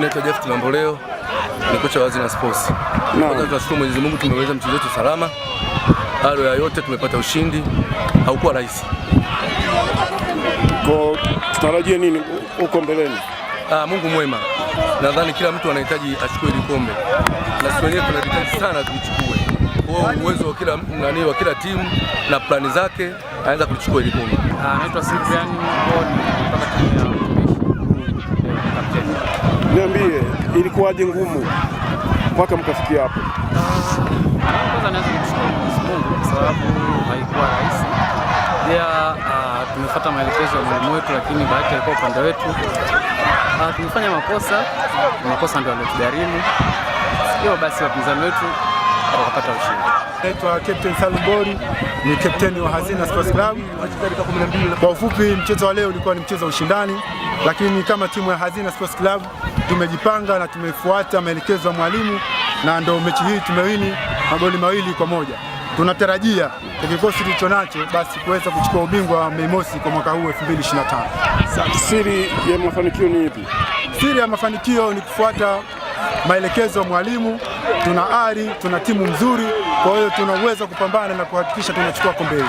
Naitwa Jeff Tulamboleo, ni kocha wa Azina Sports. Tunashukuru Mwenyezi Mungu tumeweza mchezo wetu salama. Halo ya yote tumepata ushindi, haukuwa rahisi. Kwa tutarajie nini huko mbeleni? Ah, Mungu mwema. Nadhani kila mtu anahitaji achukue ile kombe. Na sisi wenyewe tunahitaji sana tuichukue Kwa uwezo wa kila nani wa kila timu na plani zake anaweza kulichukua ile kombe. Ah, naitwa Cyprian Boni kutoka Tanzania. ilikuwaje ngumu mpaka mkafikia hapo? Kwanza naweza kumshukuru Mwenyezi Mungu kwa sababu haikuwa rahisi. Pia ah, tumefuata maelekezo ya mwalimu wetu, lakini bahati alikuwa upande wetu. Ah, tumefanya makosa, makosa ndio yaliyotugharimu. Sio basi, wapinzani wetu wakapata ushindi. Naitwa Captain Salumbori, ni captain wa Hazina Sports Club. Kwa ufupi, mchezo wa leo ulikuwa ni mchezo wa ushindani, lakini kama timu ya Hazina Sports Club tumejipanga na tumefuata maelekezo ya mwalimu na ndio mechi hii tumewini magoli mawili kwa moja. Tunatarajia kwa kikosi kilicho nacho basi kuweza kuchukua ubingwa wa Mei Mosi kwa mwaka huu 2025. Siri ya mafanikio ni ipi? Siri ya mafanikio ni kufuata maelekezo ya mwalimu tuna ari, tuna timu nzuri, kwa hiyo tunaweza kupambana na kuhakikisha tunachukua kombe hili.